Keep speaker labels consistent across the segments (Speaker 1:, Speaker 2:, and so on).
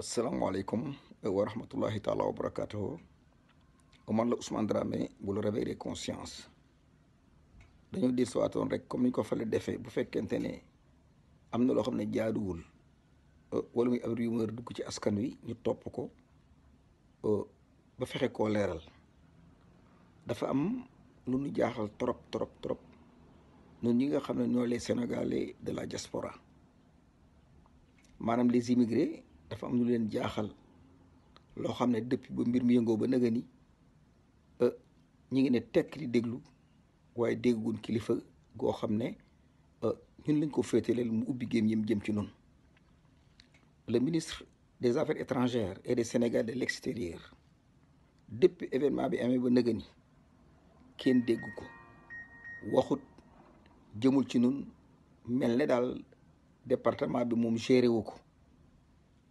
Speaker 1: asalaamaaleykum wa rahmatullahi taala wa barakaatuhu man la Ousmane Dramé bu la conscience dañoo dir sawaatoon rek comme niñ ko fale defee bu fekkente ne am na loo xam ne jaaduwul euh, wala muy ab rumeur dugg ci askan wi ñu topp ko euh, ba fexe koo leeral dafa am lu ñu jaaxal trop trop trop ñun ñi nga xam ne ñoo les sénégalais de la diaspora maanaam les immigrés dafa am lu leen jaaxal loo xam ne depuis ba mbir mi yëngoo ba nëga ni ñu ngi ne tekk di déglu waaye dégguñ kilifa goo xam ne ñun lañ ko féetaleel mu ubbi géem yëm jëm ci noonu le ministre des affaires étrangères et des Sénégal de l'extérieur depuis événement bi amee ba nëga ni kenn dégg ko waxut jëmul ci nun mel ne daal département bi moom géré wu ko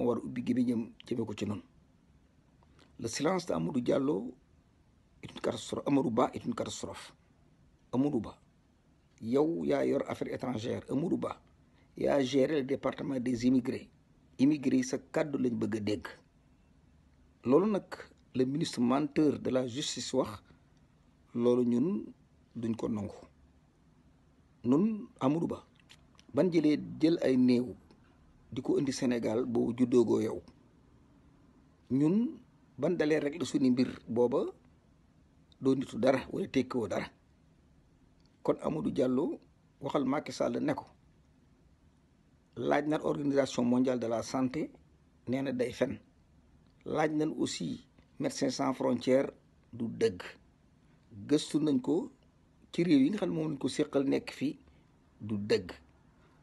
Speaker 1: moo war ubbi gémmiñam jëmee ko ci noonu le silence de Amadou Diallo est une catastrophe Amadou Ba est une catastrophe Amadou Ba yow yaa yor affaires étrangère Amadou Ba yaa géré le département des immigrés immigrés sa kàddu lañ bëgg a dégg loolu nag le ministre menteur de la justice wax loolu ñun duñ ko nangu nun Amadou Ba ban jëlee jël ay néew di ko indi bo juddo juddoogoo yow ñun ban dalé rek la suñu mbir booba do nitu dara wala wo dara kon Amadou Diallo waxal Macky Sall ne ko laaj na organisation mondiale de la santé nee na day fenn laaj nañ aussi médecins sans frontières du deug geustu nañ ko ci réew yi nga xam mo ko séqal nekk fi du deug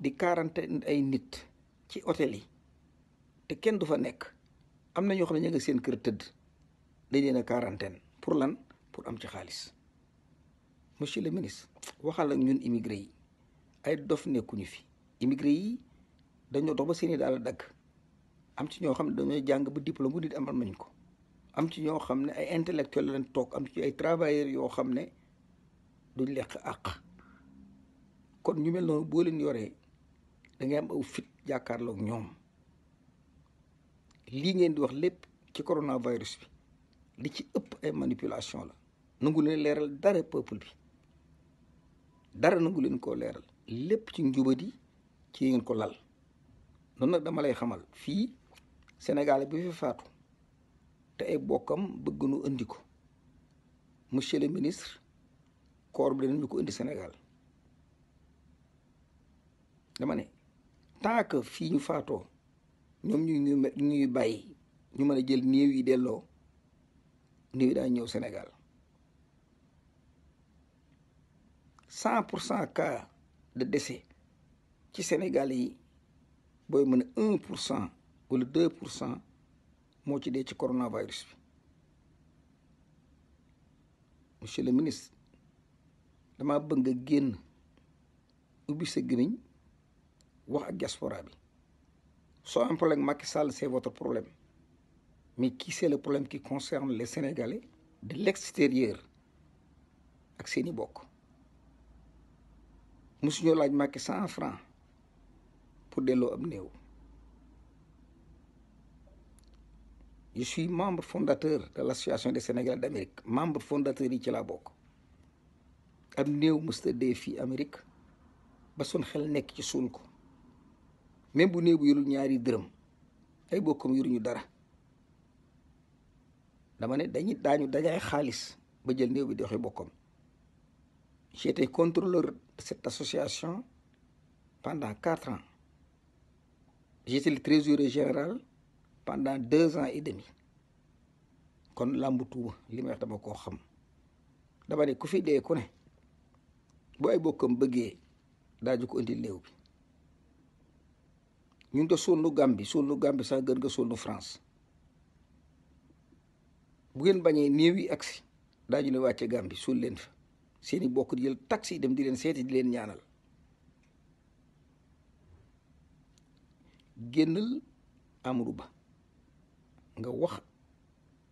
Speaker 1: di quarantaine ay nit ci hôtel yi te kenn du fa nek amna na ñoo xam ne seen kër teud dañ leena a quarantaine pour lan pour am ci xaalis monsieur le ministre waxal ak ñun immigré yi ay dof nekkuñu fi immigré yi dañoo dox ba seeni daal dag am ci ñoo xam dañu jang bu diplôme bu nit amal nañ ko am ci ñoo xam ay intellectuel lañ tok am ci ay travailleur yo xam duñ lekk ak kon ñu mel non bo leen yoree da ngay am aw fit jàkkaarloog ñoom lii ngeen di wax lépp ci coronavirus bi li ci ëpp ay manipulation la nangu leen leeral dara peuple bi dara nangu leen koo leeral lépp ci njubadi ci ngeen ko lal noonu nag dama lay xamal fii Sénégal bi fi faatu te ay bokkam bëgg nu indi ko monsieur le ministre koor bi danañu ko indi Sénégal dama ne tant que fii ñu faatoo ñoom ñuy bàyyi ñu mën a jël néew yi delloo néew yi daa ñëw Sénégal cent pour cent cas de décès ci Sénégal yi booy mën a un pour cent wala deux pour cent moo ci dee ci coronavirus bi monsieur le ministre dama bëgg nga génn ubbi sa gémmiñ à la diaspora bi un problème Macky Sall c'est votre problème mais qui c'est le problème qui concerne les Sénégalais de l'extérieur ak Seni bokk Monsieur un Macky 100 francs pour des am néew je suis membre fondateur de l'association des Sénégalais d'Amérique membre fondateur de la Boc. bokk am un défi dee Amérique ba sun xel ci même bu néew yorul ñaari deureum ay bokkum yuruñu dara dama ne dañuy dañu dajay xaliss ba jël neew bi di waxee j'étais contrôleur cette association pendant quatre ans j'étais le trésorier général pendant deux ans et demi kon làmb tuuma li may wax dama ko xam dama ne ku fi dé ku ne bu ay bokkam bëggee daaju ko indil bi ñu nga sol nu Gambie sol nu Gambie sax gën nga sol France bu ngeen bañé néew yi dañu daañu leen wàcce Gambie sol leen fa seeni bokku di jël taxi dem di len séti di len ñaanal génnal amru Ba nga wax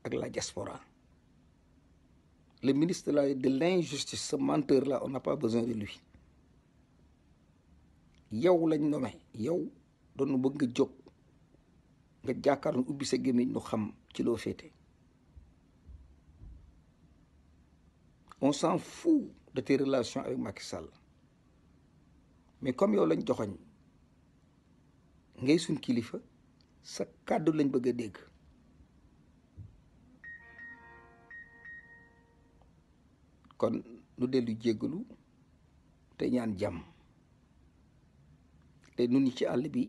Speaker 1: ak la diaspora le ministre de la de l'injustice ce menteur là on n'a pas besoin de lui yow lañ nommé yow doon nu bëgg nga jóg nga jàkkaarlu ubbi sa gémmiñ nu xam ci loo féete on s'en fout de tes relations avec Macky Sall mais comme yow lañ joxoñ ngay suñ kilifa sa kàddu lañ bëgg a dégg kon nu dellu jéggalu te ñaan jàmm te nun ñi ci àll bi